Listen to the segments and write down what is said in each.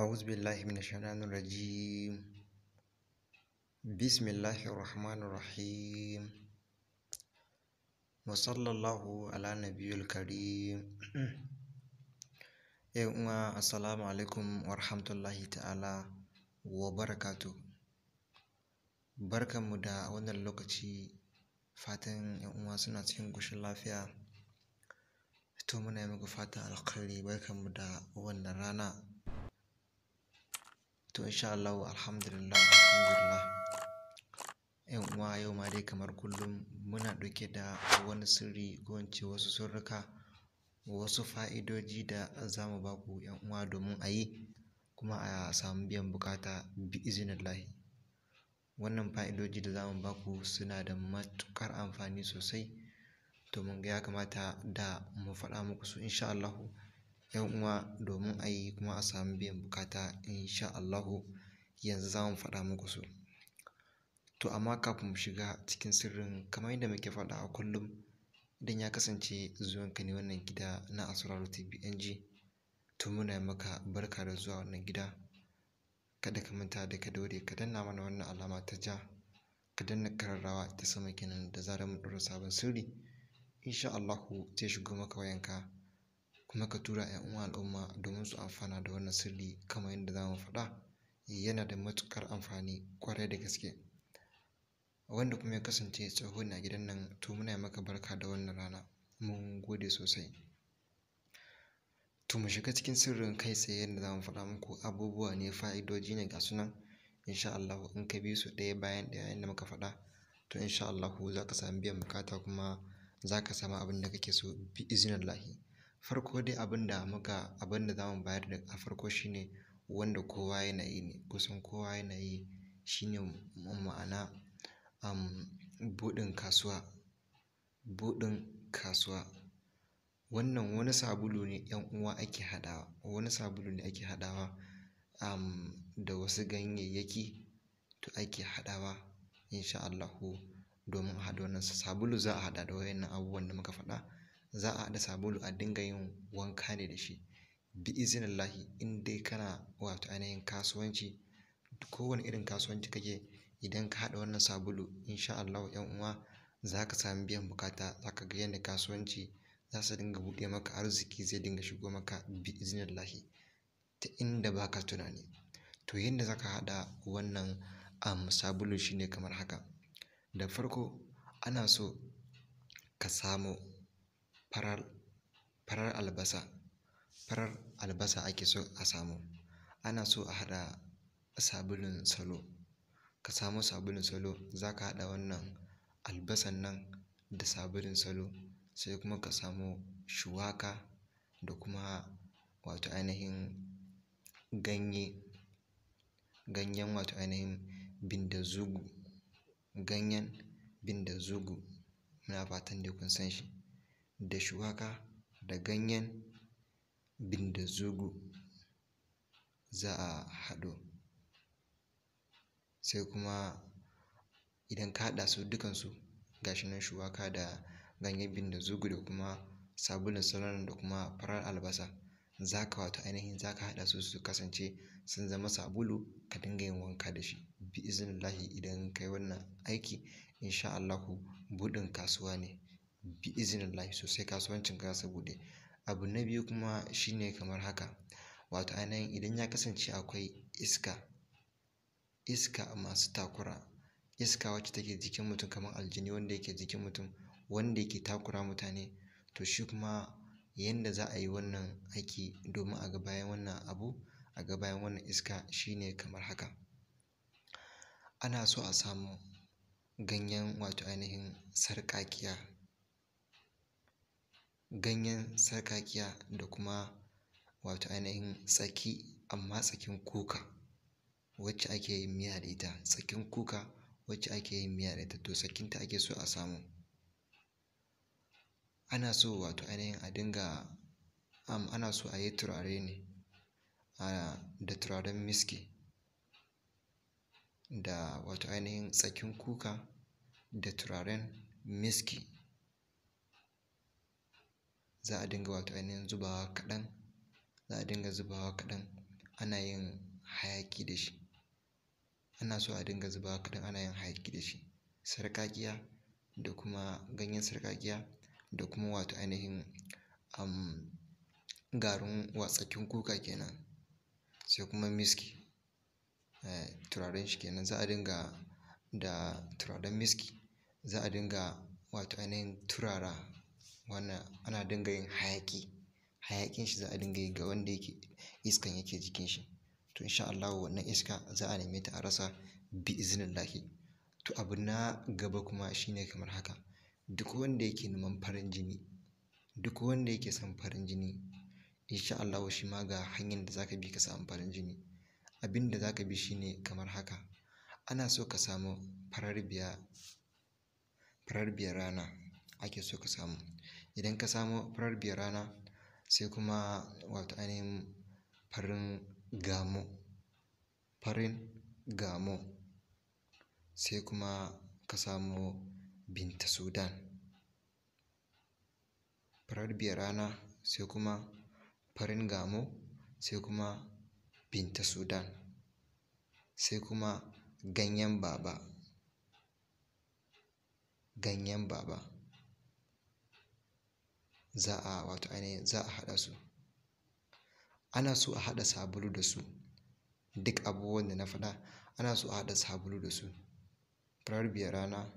أعوذ بالله من الشيطان الرجيم بسم الله الرحمن الرحيم وصلى الله على نبي الكريم يوم السلام عليكم ورحمة الله تعالى وبركاته barkanmu da wannan lokaci fatan yan uwa suna cikin ƙoshin lafiya Fito muna yi muku fatan alkhairi barkanmu da wannan rana To insha Allah alhamdulillah alhamdulillah. Yan uwa yau ma dai kamar kullum muna ɗauke da wani sirri ko in wasu surruka wasu fa'idoji da za mu ba ku yan uwa domin a yi kuma a samu biyan bukata bi iznillahi. Wannan fa'idoji da za mu ba ku suna da matukar amfani sosai to mun ga ya kamata da mu faɗa muku su insha Allah 'yan uwa domin a yi kuma a samu biyan bukata in Allahu yanzu za mu faɗa muku su. To amma kafin mu shiga cikin sirrin kamar yadda muke faɗa a kullum idan ya kasance zuwanka ne wannan gida na Asraru tbng to muna maka barka da zuwa wannan gida. Kada ka manta da ka daure ka danna mana wannan alama ta ja ka danna kararrawa ta sama kenan da zarar mu ɗora sabon sirri insha Allahu zai shigo maka wayanka. kuma ka tura 'yan uwan al'umma domin su amfana da wannan sirri kamar yadda za mu faɗa yana da matuƙar amfani ƙwarai da gaske wanda kuma ya kasance tsoho na gidan nan to muna maka barka da wannan rana mun gode sosai to mu shiga cikin sirrin kai tsaye yadda za mu faɗa muku abubuwa ne fa'idoji ne ga sunan insha Allah in ka bi su ɗaya bayan ɗaya yadda muka faɗa to insha Allah za ka samu biyan bukata kuma za ka samu abin da kake so bi izinin lahi Farko dai abin da muka, abin da za mu bayar da a farko shine wanda kowa yana yi ne. Kusan kowa yana yi shine ma'ana, um, buɗin kasuwa, buɗin kasuwa. Wannan wani sabulu ne 'yan uwa ake haɗawa, wani sabulu ne ake haɗawa, da wasu ganyayyaki to ake haɗawa in sha Allahu domin a haɗa wannan sabulu za a haɗa da waɗannan abubuwan da muka faɗa. za a haɗa sabulu a dinga yin wanka ne da shi bi lahi in dai kana wato ainihin kasuwanci kowane irin kasuwanci kake idan ka haɗa wannan sabulu insha Allahu 'yan uwa za ka sami biyan bukata za ka ga yadda kasuwanci za su dinga buɗe maka arziki zai dinga shigo maka bi lahi ta inda ba ka tunani to yadda za ka haɗa wannan um, sabulu shine kamar haka da farko ana so ka samo farar, farar albasa. Farar albasa ake so a samu. Ana so a haɗa sabulun salo. Ka samo sabulun salo za ka haɗa wannan albasan nan da sabulun salo sai kuma ka samo shuwaka da kuma wato ainihin ganye, ganyen wato ainihin bindazugu, ganyen zugu Muna fatan da kun san shi. da shuwaka da ganyen bindazugu za a haɗo sai kuma idan ka haɗa su dukansu gashi nan shuwaka da ganyen bindazugu da kuma sabulun sauran da kuma farar albasa za ka wato ainihin za ka haɗa su su kasance sun zama sabulu ka dinga yin wanka da shi bi iznillahi idan ka yi wannan aiki insha Allahu buɗin kasuwa ne bi lahi sosai kasuwancin ka su buɗe. Abu na biyu kuma shine kamar haka, wato ainihin idan ya kasance akwai iska, iska masu takura, iska wacce take jikin mutum kamar aljani wanda yake jikin mutum wanda yake takura mutane to shi kuma yanda za a yi wannan aiki domin a ga bayan wannan abu, a ga bayan wannan iska shine kamar haka. Ana so a samu ganyen wato ainihin sarƙaƙiya ganyen sarƙaƙiya da kuma wato ainihin tsaki amma tsakin kuka wacce ake yin miya da ita. Tsakin kuka wacce ake yin miya da ita to tsakinta ake so a samu. Ana so wato ainihin a dinga am ana so a yi turare ne a da turaren miski da wato ainihin tsakin kuka da turaren miski. za a dinga wato ainihin zubawa kaɗan za a dinga zubawa kaɗan ana yin hayaƙi da shi ana so a dinga zubawa kaɗan ana yin hayaƙi da shi sarƙaƙiya da kuma ganyen sarƙaƙiya da kuma wato ainihin um, garin watsakin kuka kenan sai kuma miski eh, turaren shi kenan za a dinga da turaren miski za a dinga wato ainihin turara wannan ana dinga yin hayaƙi hayaƙin shi za a dinga yi ga wanda yake iskan yake jikin shi to insha Allah wannan iska za a neme ta a rasa bi lahi to abu na gaba kuma shine kamar haka duk wanda yake neman farin jini duk wanda yake son farin jini insha Allah shi ma ga hanyar da zaka bi ka samu farin jini abin da zaka bi shine kamar haka ana so ka samu farar biya farar biya rana ake so ka samu. Idan ka samo farar biyar rana, sai kuma wato ainihin farin gamo, farin gamo sai kuma ka samo Binta Sudan. Farar biyar rana, sai kuma farin gamo sai kuma Binta Sudan sai kuma ganyen baba, ganyen baba. za a wato ainihin za a haɗa su. Ana so a haɗa sabulu da su. Duk abubuwan da na faɗa ana so a haɗa sabulu da su. Farar rana,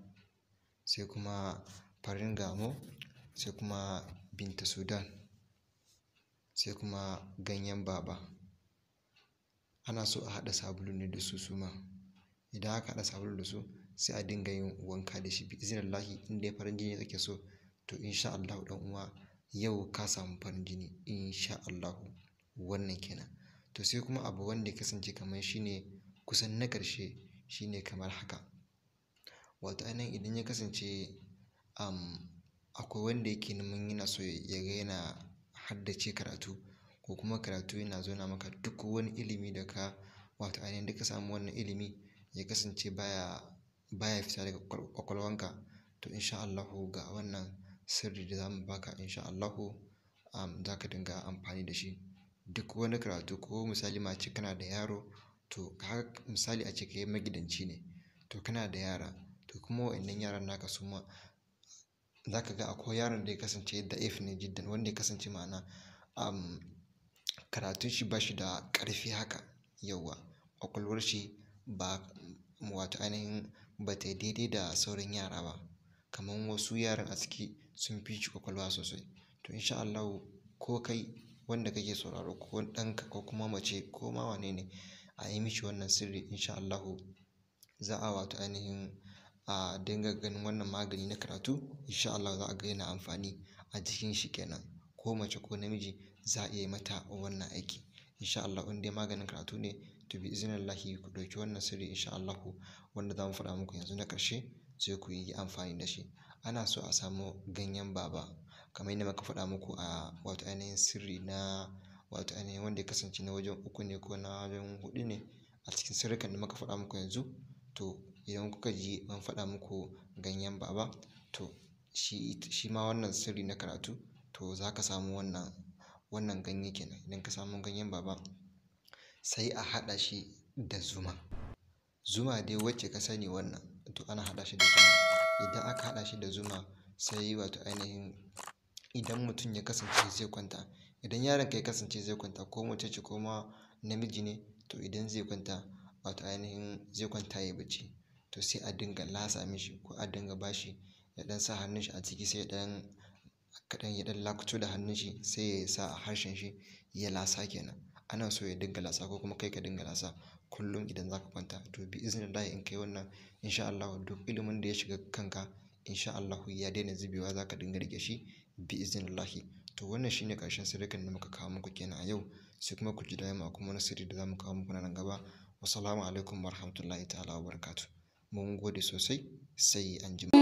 sai kuma farin gamo sai kuma Binta Sudan sai kuma ganyen baba. Ana so a haɗa sabulu ne da su suma. Idan aka haɗa sabulu da su sai a dinga yin wanka da shi bi lahi inda ya farin jini ake so. to insha Allah ɗan uwa yau ka samu farin jini insha Allah wannan kenan. To sai kuma abu wanda ya kasance kamar shine kusan na ƙarshe shine kamar haka. Wato anan idan ya kasance, um, akwai wanda yake neman yana so ya ga yana haddace karatu ko kuma karatu yana zauna maka duk wani ilimi da ka wato ainihin duka samu wannan ilimi ya kasance baya, baya fita daga kwakwalwanka, to insha Allah ga wannan sirri da za mu baka in sha Allahu za ka dinga amfani da shi. Duk wani karatu ko misali ma ce kana da yaro to haka misali a ace kai magidanci ne to kana da yara to kuma wa'annan yaran naka su ma za ka ga akwai yaran da ya kasance da if ne jiddan wanda ya kasance ma'ana karatun shi ba shi da ƙarfi haka yauwa ƙwaƙwalwar shi ba wato ainihin ba ta daidai da sauran yara ba. Kamar wasu yaran a ciki sun fi shi kwakwalwa sosai to insha Allah ko kai wanda kake sauraro ko ɗanka ko kuma mace ko ma wane ne a yi mishi wannan sirri insha Allah za a wato ainihin a dinga ganin wannan magani na karatu insha Allah za a ga yana amfani a jikin shi kenan ko mace ko namiji za a iya mata wannan aiki insha Allahu in dai maganin karatu ne to bi iznillahi ku dauki wannan sirri insha Allah wanda za mu faɗa muku yanzu na ƙarshe sai ku yi amfani da shi ana so a samu ganyen baba kamar yadda muka faɗa muku a wato ainihin sirri na wato ainihin wanda ya kasance na wajen uku ne ko na wajen huɗu ne a cikin sirrikan da muka faɗa muku yanzu to idan kuka ji an faɗa muku ganyen baba to shi shi ma wannan sirri na karatu to za ka samu wannan wannan ganye kenan idan ka samu ganyen baba sai a haɗa shi da zuma zuma dai wacce ka sani wannan to ana haɗa shi da zuma idan aka haɗa shi da zuma sai wato ainihin idan mutum ya kasance zai kwanta idan yaron ka ya kasance zai kwanta ko mace ce ko ma namiji ne to idan zai kwanta wato ainihin zai kwanta ya bacci to sai a dinga lasa mishi ko a dinga bashi ya ɗan sa hannun shi a ciki sai ya ɗan kaɗan ya lakuto da hannun shi sai ya sa a harshen shi ya lasa kenan ana so ya dinga lasa ko kuma kai ka dinga lasa kullum idan za ka kwanta. To bi izinin Allah in kai wannan in sha Allahu duk ilimin da ya shiga kanka in sha Allahu ya daina zubewa za ka dinga rike shi bi izinin Allah To wannan shine ƙarshen sirrikan da muka kawo muku kenan a yau sai kuma ku ji da mu kuma wani sirri da zamu kawo muku nan gaba. Wassalamu alaikum warahmatullahi ta'ala wabarakatuh. Mun gode sosai sai anjima.